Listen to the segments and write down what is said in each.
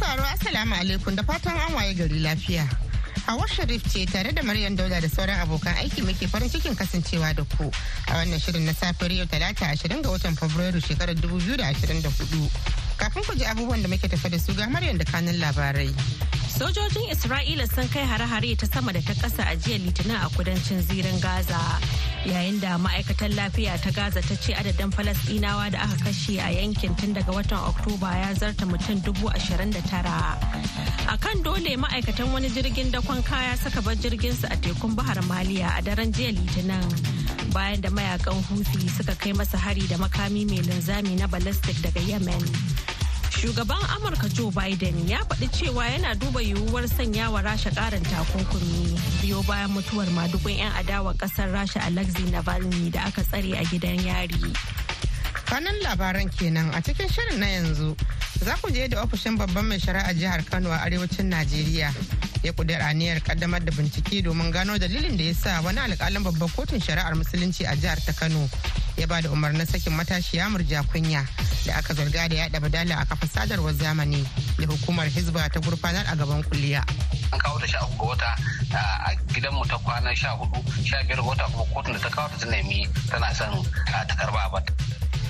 sauraro Assalamu alaikum da fatan an waye gari lafiya. a Sharif ce tare da Maryam Dauda da sauran abokan aiki muke farin cikin kasancewa da ku a wannan shirin na safiyar yau talata ashirin ga watan Fabrairu shekarar dubu biyu da ashirin da hudu. Kafin ku ji abubuwan da muke tafe da su ga Maryam da kanin labarai. Sojojin Isra'ila sun kai hare-hare ta sama da ta kasa a jiya Litinin a kudancin zirin Gaza. Yayin da ma'aikatan lafiya ta Gaza ta ce adadin Falasɗinawa da aka kashe a yankin tun daga watan Oktoba ya zarta mutum dubu ashirin da tara. A kan dole ma'aikatan wani jirgin dakon kaya suka bar su a tekun Bahar Maliya a daren jiya Litinin. Bayan da mayakan Houthi suka kai masa hari da makami mai linzami na balastik daga Yemen. Shugaban Amurka Joe Biden ya faɗi cewa yana duba yiwuwar sanya wa Rasha ƙarin takunkumi biyo bayan mutuwar madugun 'yan adawa ƙasar Rasha Alexei Navalny da aka tsare a gidan yari. kanan labaran kenan a cikin shirin na yanzu za ku je da ofishin babban mai shari'a jihar kano a arewacin najeriya ya kudura aniyar kaddamar da bincike domin gano dalilin da ya sa wani alkalin babban kotun shari'ar musulunci a jihar ta kano ya ba da umarnin sakin matashiya murja kunya da aka zarga da yada badala a kafa sadarwar zamani da hukumar hizba ta gurfanar a gaban kuliya. an kawo ta sha wata a gidanmu ta kwana sha hudu sha biyar wata kuma kotun da ta kawo ta ta tana son ta karba a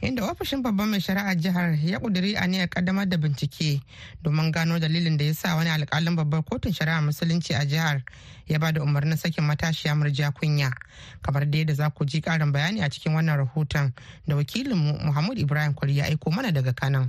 inda ofishin babban mai shari'ar jihar ya kuduri aniyar kaddamar da bincike domin gano dalilin da ya sa wani alkalin babbar kotun shari'ar musulunci a jihar ya ba da umarnin sakin matashiya murja kunya kamar da yadda za ku ji karin bayani a cikin wannan rahoton da wakilinmu muhammad ibrahim kwari ya aiko mana daga kanan.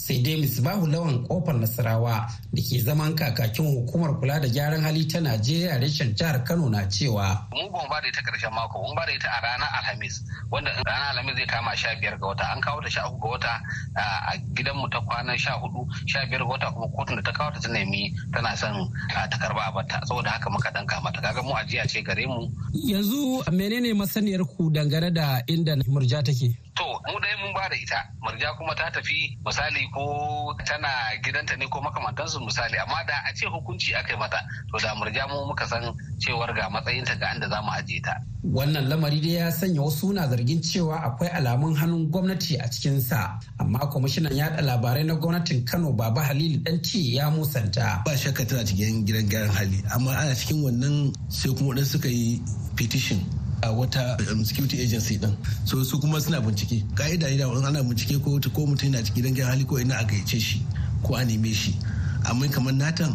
sai dai misbahu lawan kofar nasarawa da ke zaman kakakin hukumar kula da gyaran hali ta najeriya reshen jihar kano na cewa mu ba ba da ita karshen mako mun ba da ita a ranar alhamis wanda ranar alhamis zai kama sha biyar ga wata an kawo ta sha uku ga wata a gidanmu ta kwanan sha hudu sha biyar ga wata kuma kotun da ta kawo ta ta nemi tana son ta karba a bata saboda haka muka danka mata kaga mu ajiya ce gare mu yanzu menene masaniyar ku dangane da inda murja take to mu dai mun ba da ita murja kuma ta tafi misali ko tana gidanta ne ko makamantansu misali amma da a ce hukunci aka yi mata to da murja mu muka san cewar ga matsayinta ga inda zamu mu ajiye ta. Wannan lamari dai ya sanya wasu na zargin cewa akwai alamun hannun gwamnati a cikinsa amma kwamishinan yaɗa labarai na gwamnatin Kano Baba Halilu dan ya musanta. Ba shakka tana cikin gidan gyaran hali amma ana cikin wannan sai kuma wadansu suka yi petition a wata um, security agency din so su kuma suna bincike ka'ida ne da wani ana bincike ko ko mutum yana cikin dangin hali ko ina a gaice shi ko a neme shi amma kamar natan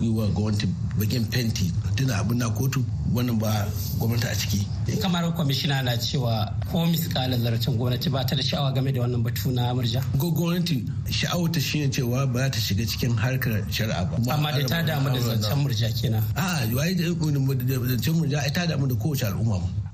yi wa gwamnati bakin fenti tana abin na kotu wannan ba gwamnati a ciki. kamar kwamishina na cewa ko miskala zarafin gwamnati ba ta da sha'awa game da wannan batu na murja. gwamnati sha'awar ta shine cewa ba ta shiga cikin harkar shari'a ba. amma da ta damu da zancen murja kenan. a zancen murja ta damu da kowace al'umma mu.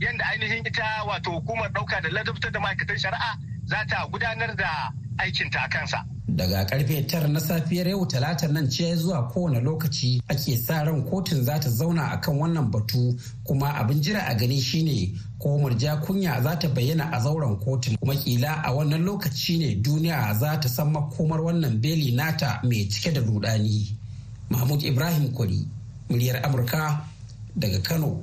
yadda ainihin ita wato hukumar ɗauka da ladabtar da ma'aikatan shari'a za ta gudanar da aikin ta kansa. Daga karfe tara na safiyar yau talatar nan ce zuwa kowane lokaci ake sa ran kotun za ta zauna a kan wannan batu kuma abin jira a gani shine ko murja kunya za ta bayyana a zauren kotun kuma kila a wannan lokaci ne duniya za ta san makomar wannan beli nata mai cike da rudani. Mahmud Ibrahim Kwari, muryar Amurka daga Kano.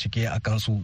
bincike a kansu.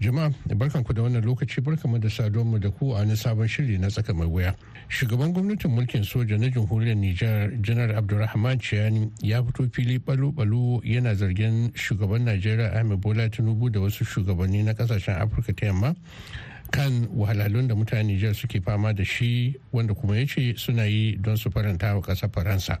Jama'a barkanku da wannan lokaci barkanmu da saduwarmu da ku a na sabon shiri na tsaka mai wuya. Shugaban gwamnatin mulkin soja na jamhuriyar Nijar Janar Abdulrahman Ciyani ya fito fili balo-balo yana zargin shugaban Najeriya Ahmed Bola Tinubu da wasu shugabanni na kasashen Afirka ta yamma kan wahalhalun da mutane Nijar suke fama da shi wanda kuma ya ce suna yi don su faranta wa ƙasar Faransa.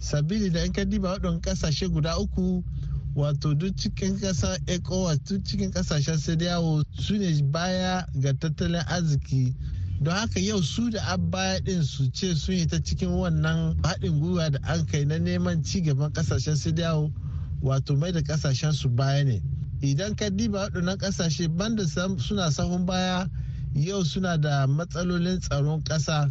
sabili da yan ka diba waɗon kasashe guda uku wato duk cikin ƙasar ecowas duk cikin ƙasashen sadiyawo su ne baya ga tattalin arziki don haka yau su da baya din su ce sun yi ta cikin wannan haɗin gwiwa da an kai na neman ci gaban ƙasashen sadiyawo wato mai da ƙasashen su baya ne idan ka diba waɗannan ƙasashe banda suna sahun baya yau suna da matsalolin tsaron ƙasa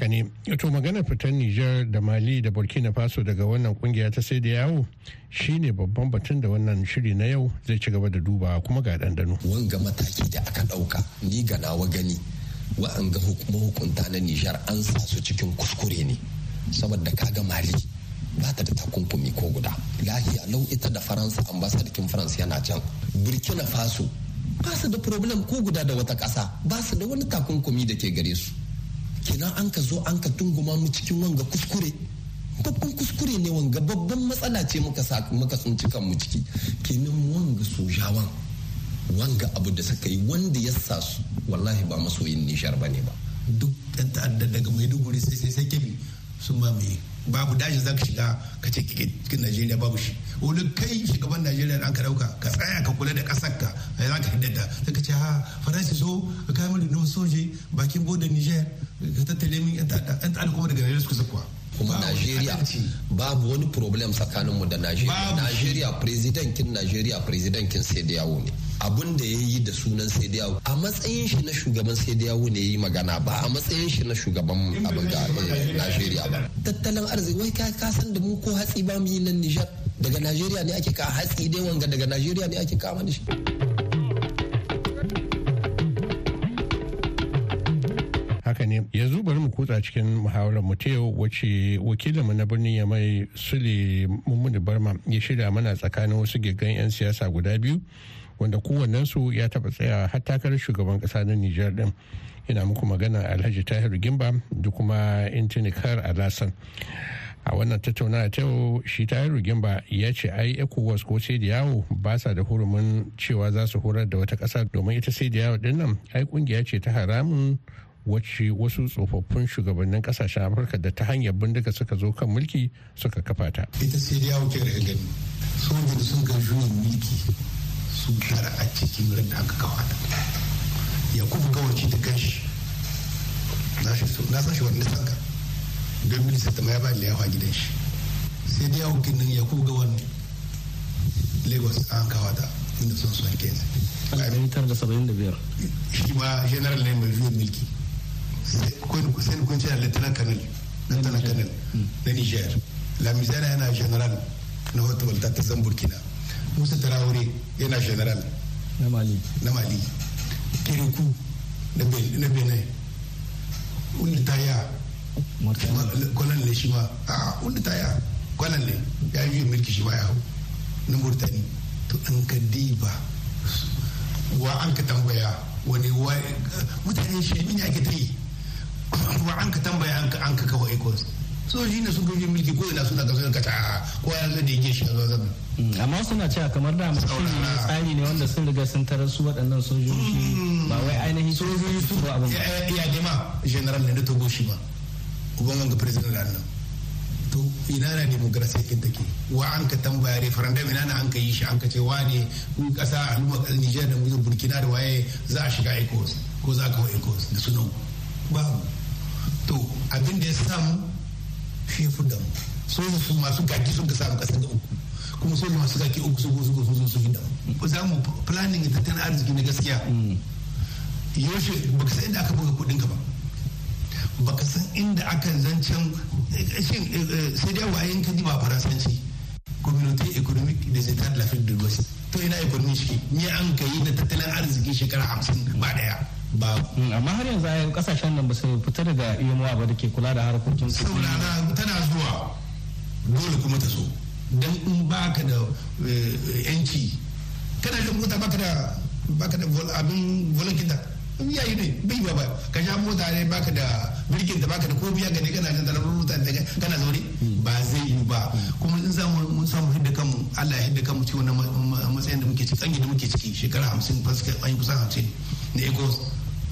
haka ne to magana fitar Nijar da Mali da Burkina Faso daga wannan kungiya ta sai da yawo ne babban batun da wannan shiri na yau zai ci gaba da dubawa kuma ga dandano. Wanga mataki da aka ɗauka ni ga nawa gani wa'anga mahukunta na Nijar an sa su cikin kuskure ne saboda kaga Mali ba ta da takunkumi ko guda lahiya lau ita da faransa ambasadikin faransa yana can burkina faso ba su da problem ko guda da wata ƙasa ba su da wani takunkumi da ke gare su kina an ka zo an ka tunguma mu cikin wanga kuskure babban kuskure ne wanga babban matsala ce muka sa muka sun cika mu ciki kenan wanga sojawan wanga abu da suka yi wanda ya sa su wallahi ba masoyin nishar ba ne ba duk ɗan ta'adda daga maiduguri sai sai sai kebbi sun mamaye babu dajin za ka shiga ka ce cikin najeriya babu shi wani kai shugaban najeriya da aka dauka ka tsaya ka kula da kasar ka a za ka hiddata ta ka ce ha ah, faransa so ka kai mana rundunar soje bakin bodin niger ka tattale min yan ta'adda kuma daga najeriya suka zakuwa Najeriya babu wani problem tsakaninmu da Najeriya. Najeriya presidentin Najeriya presidentin sai da ne. abun da ya yi da sunan sai a matsayin shi na shugaban sai ne ya yi magana ba a matsayin shi na shugaban abin da eh, Najeriya ba. Tattalin arziki wai ka san da mu ko hatsi ba mu yi nan Nijar daga Najeriya ne ake ka hatsi dai wanga daga Najeriya ne ake kama da shi. haka ne yanzu bari mu kutsa cikin muhawarar mu ta yau wace mu na birnin ya mai sule mummuni barma ya shirya mana tsakanin wasu gigan 'yan siyasa guda biyu wanda kowannensu ya taba tsaya har takar shugaban kasa na nijar din ina muku magana alhaji tahiru gimba da kuma intinikar alasan a wannan tattaunawa ta yau shi tahiru gimba ya ce ai ecowas ko sai yawo ba sa da hurumin cewa za su horar da wata kasa domin ita sai yawo din ai kungiya ce ta haramun wacce wasu tsofaffin shugabannin kasashen afirka da ta hanyar bindiga suka zo kan mulki suka kafa ta ita sai da wuce da gani sojin sun ga juyin mulki sun tara a cikin ran da aka kawata ya kuma gawaci da kanshi na san shi wanda sanka don minista ta ma ya ba da yawa gidan shi sai dai yawon kinnan ya kuma wani lagos an kawata inda sun suwan kenan. 1975 shi ma general ne mai juyin mulki sai kun ce da lieutenant colonel lieutenant colonel hmm. na niger lamizana yana general na wata balta ta san burkina musa tarawore yana general na mali kiriku na benin wanda ta ya kwanan ne shi ma a wanda ta ya kwanan ya yi milki shi ya hau na murtani to an ka diba wa an ka tambaya wani mutane shi ne ake ta yi an ka tambaya an ka kawo ecos sojoji ne sun kaje milki ko ina suna kasar kata a ko ya zai da yake shi a zan hmm, amma suna cewa kamar da masu tsari ne wanda sun riga sun tarar su waɗannan sojoji hmm, ba wai ainihin sojoji su ba abin ya ne ma general ne da togo shi ba uban wanga president da nan to ina na demokrasiya kin take wa an ka tambaya referendum ina na an ka yi shi an ka ce wa ne ku kasa al'umma kasar Nijar da mu Burkina da waye za a shiga ECOWAS ko za ka hau ECOWAS da sunan babu to abin da ya samu shi fi damu soja su masu gaji sun ka samu kasar da uku kuma soja masu gaji uku su su su su yi damu za mu planning tattalin arziki na gaskiya mm. yaushe baka san inda aka buga kudin ka ba ka san inda aka zancen eh, shin eh, eh, sai dai wayan ka ji ba faransanci communauté économique des états de l'Afrique de l'Ouest to ina economy shi ne an kai da tattalin arziki shekara 50 ba daya ba mm, amma har yanzu ayyukan kasashen nan ba su fita daga yomowa ba da ke kula da harkokin su saboda tana zuwa dole kuma ta so don in ba ka da eh, yanki kana da mota ba ka da ba ka da abin volokin ya yi ne bai ba ba ka sha mota ne ba ka da birkin da ba ka da ko biya gani kana da talabar mota da kana zaure ba zai yi ba kuma in za mu samu hidda kanmu Allah ya hidda kanmu cikin matsayin da muke ciki tsangin da muke ciki shekara hamsin fasika an yi kusan hamsin na ecos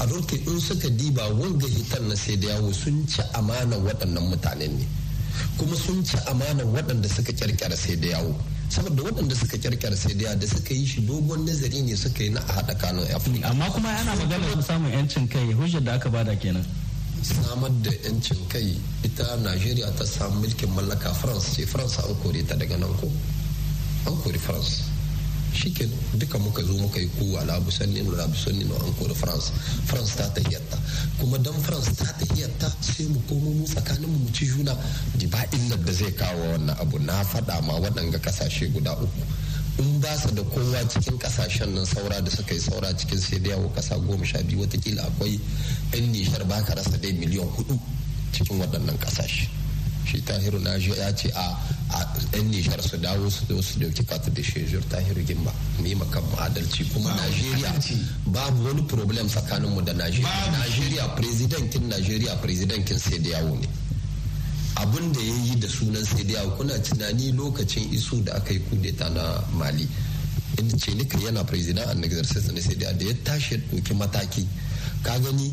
a rurke in suka diba wanda hitar na sai da yawo sun ci amanar waɗannan mutanen ne kuma sun ci amanar waɗanda suka kirkira sai da yawo saboda waɗanda suka kirkira sai da da suka yi shi dogon nazari ne suka yi na a haɗa ya fi amma kuma ana maganar samun yancin kai hujjar da aka bada kenan samar da yancin kai ita nigeria ta samu mulkin mallaka france ce france an kore ta daga nan ko an kori france shikin duka muka zo muka yi kowa labu sanni no labu sanni an kori france france ta yatta kuma dan france ta yatta sai mu komo mu tsakanin mu ci juna ba illar da zai kawo wannan abu na faɗa ma waɗanga kasashe guda uku in ba su da kowa cikin kasashen nan saura da suka yi saura cikin sai da yawo kasa goma sha biyu watakila akwai yan nishar baka rasa dai miliyan hudu cikin waɗannan kasashe shi tahiru na ya ce a yan nishar su dawo su zo su dauki katu da zuwa tahiru gimba mu yi makan adalci kuma najeriya babu wani problem tsakaninmu da najeriya najeriya presidentin najeriya presidentin sai da yawo ne abin da ya yi da sunan sai da yawo kuna tunani lokacin isu da aka yi kudeta na mali inda ce nika yana president an na sai da ya tashi ya ɗauki mataki ka gani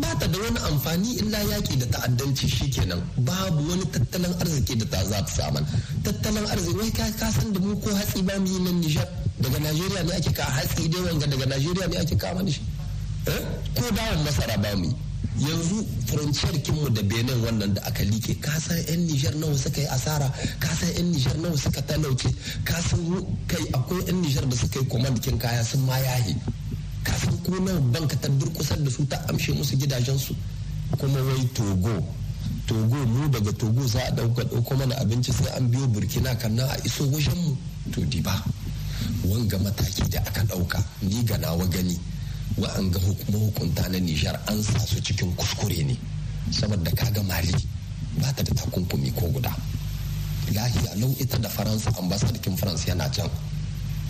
ba ta da wani amfani illa yaƙi da ta'addanci shi kenan babu wani tattalin arziki da ta za ta samu tattalin arziki wai ka san da mu ko hatsi ba mu yi nan Nijar daga Najeriya ne ake ka hatsi dai wanga daga Najeriya ne ake kama shi eh? ko dawon masara ba mu yanzu furanciyar kinmu da benin wannan da aka like kasan yan nijar nawa suka yi asara kasan yan nijar nawa suka talauke kasan kai akwai yan nijar da suka yi command kin kaya sun ma yahi ko na banka ta durkusar da su ta amshe musu gidajensu kuma wai togo togo mu daga togo za a dauka dauko mana abinci sai an biyo burkina na a iso wajen mu to di ba wanga mataki da aka dauka ni ga nawa gani wa an ga hukunta na nijar an sa su cikin kuskure ne saboda kaga mali ba ta da takunkumi ko guda lahiya lau da faransa ambasadakin faransa yana can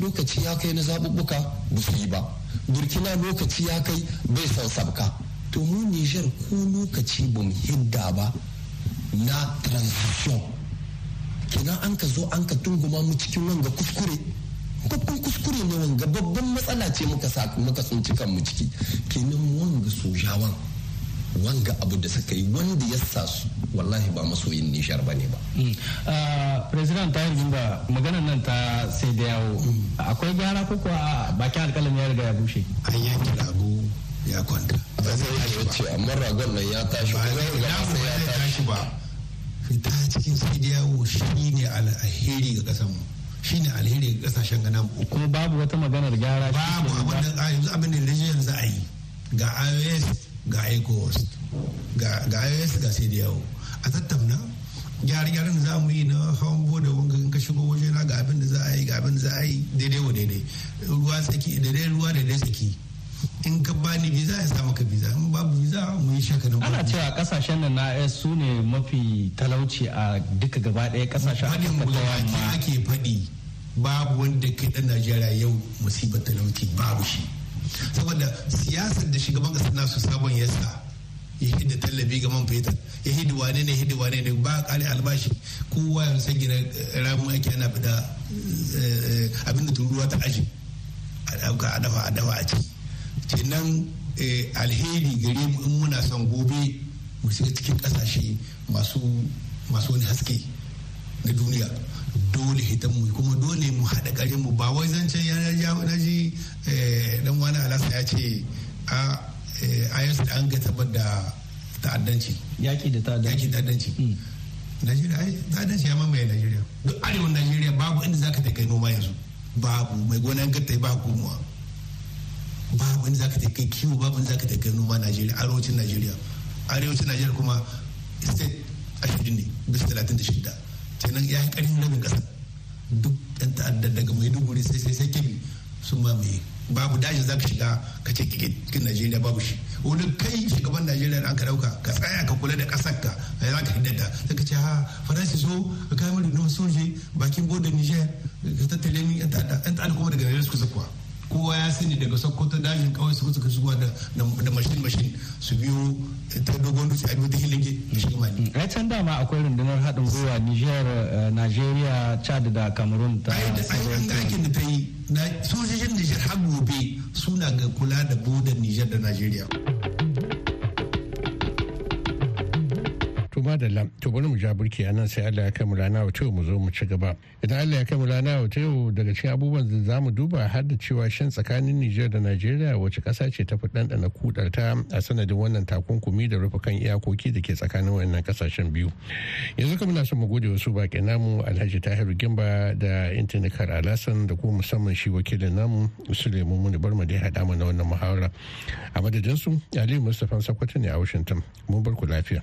lokaci ya kai na zaɓuɓɓuka ba su yi ba burkina lokaci ya kai bai son sabka to mu nijar ko lokaci ba mu hidda ba na transition kina an ka zo an ka tunguma mu cikin wanga kuskure babban kuskure ne wanga babban matsala ce muka muka tsinci mu ciki kenan wanga sojawan wanga abu da suka yi wanda ya sa su wallahi ba masoyin nishar ba ne ba. Mm. Ah, president ta yi ba magana nan ta sai da yawo mm. akwai gyara kuku a bakin alkalin ya riga ya bushe. an yanke lagu ya kwanta. ba zai yi ce amma ragon nan ya tashi ba zai ya tashi ba. fita cikin sai da yawo shi ne alheri ga mu shi ne alheri ga kasashen gana mu. kuma babu wata maganar gyara. babu abin yanzu abin da yanzu a yi ga ios ga ecowas ga ios ga cdo a tattauna gyare-gyaren za mu yi na hawan bude wanga in ka shigo waje na ga abin da za a yi ga abin da za a yi daidai wa daidai ruwa tsaki daidai ruwa daidai tsaki in ka bani visa ya samu ka visa in babu visa mu yi shaka nan ana cewa kasashen nan na su ne mafi talauci a duka gaba daya kasashen hadin bulawaki ake faɗi babu wanda kai dan Najeriya yau musibar talauci babu shi saboda siyasar da shugaban kasa na su sabon yasa ya hidda tallafi ga man fetur ya hidda wane ne hidda wane ne ba kare albashi kowa ya san gina eh, ramu ake ana fita eh, abinda turuwa ta aji a dafa a dafa a ciki kenan eh, alheri gare mu in muna son gobe mu shiga cikin kasashe masu wani haske na duniya dole hitan mu kuma dole mu haɗa ƙarin mu ba wai zancen yanar ya naji eh, dan wani alasa ya ce a ayyansu eh, da an ga tabbat da ta'addanci yaƙi da ta'addanci mm. Najeriya ai ta'addanci ya mamaye Najeriya duk arewa Najeriya babu inda zaka ta kai noma yanzu babu mai gonan gatta ba komowa babu inda zaka ta kai kiwo babu inda zaka ta kai noma Najeriya arewacin Najeriya arewacin Najeriya kuma state ashirin ne bis talatin da shidda kenan ya karin rabin kasa duk yan ta'adda daga maiduguri sai sai sai kemi sun mamaye babu daji za ka shiga ka ce kikin najeriya babu shi wani kai shugaban najeriya da aka dauka ka tsaya ka kula da kasar ka a za ka hiddata sai ka ce ha faransa so ka kai mana rundunar soje bakin bodin niger ka tattale ni yan ta'adda yan ta'adda kuma daga najeriya suka zakuwa kowa ya sani daga sokoto dajin kawai suka suka zuwa da mashin mashin su biyo ta dogon dutse a bude hilinge da shi mali. Mm, ai can dama akwai rundunar haɗin gwiwa niger eh, nigeria chad da cameroon ta ai da aikin da ta yi sojojin niger har gobe suna ga kula da bodar niger da nigeria. madalla to bari mu ja burki a nan sai Allah ya kai mu rana wata mu zo mu ci gaba idan Allah ya kai mu rana wata yau daga cikin abubuwan da zamu duba har da cewa shan tsakanin Niger da Najeriya wace kasa ce ta fi ɗanɗana kudarta a sanadin wannan takunkumi da rufe kan iyakoki da ke tsakanin wannan kasashen biyu yanzu kuma na son mu gode wasu baƙi namu Alhaji tahir Gimba da Intinikar Alasan da kuma musamman shi wakilin namu Suleiman Muni Barma da ya haɗa mana wannan muhawara a su Aliyu Mustapha Sakwato ne a Washington mun bar ku lafiya.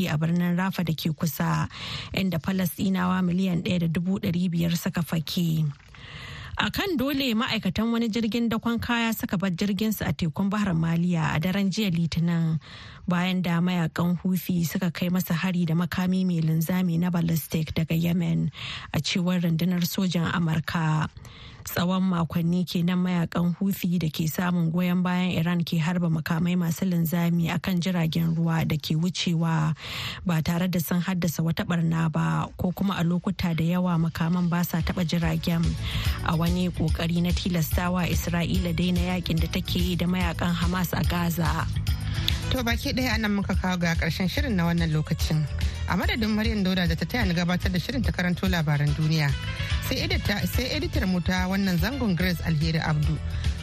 mulki a birnin Rafa da ke kusa, inda Falasɗinawa miliyan ɗaya da dubu ɗari biyar suka fake. a kan dole ma'aikatan wani jirgin dakon kaya suka bar jirginsu a tekun bahar maliya a daren jiya litinin bayan da mayakan hufi suka kai masa hari da makami mai linzami na ballistic daga yemen a cewar rundunar sojan amurka tsawon makonni kenan mayakan hufi da ke samun goyon bayan iran ke harba makamai masu linzami akan jiragen ruwa da ke wucewa ba tare da sun haddasa wata barna ba ko kuma a lokuta da yawa makaman ba sa taba jiragen a wani kokari na tilastawa isra'ila daina yakin da take yi da mayakan hamas a gaza To baki ɗaya anan muka kawo ga ƙarshen shirin na wannan lokacin. A madadin Maryam Dauda da ta taya ni gabatar da shirin ta karanto labaran duniya. Sai editar mu ta wannan zangon Grace Alheri Abdu.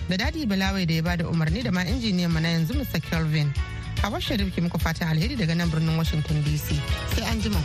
Da dadi Balawai da ya bada umarni da ma injiniyan mu na yanzu Mr. Kelvin. Hawa Sharif ki muku fatan alheri daga nan birnin Washington DC. Sai an jima.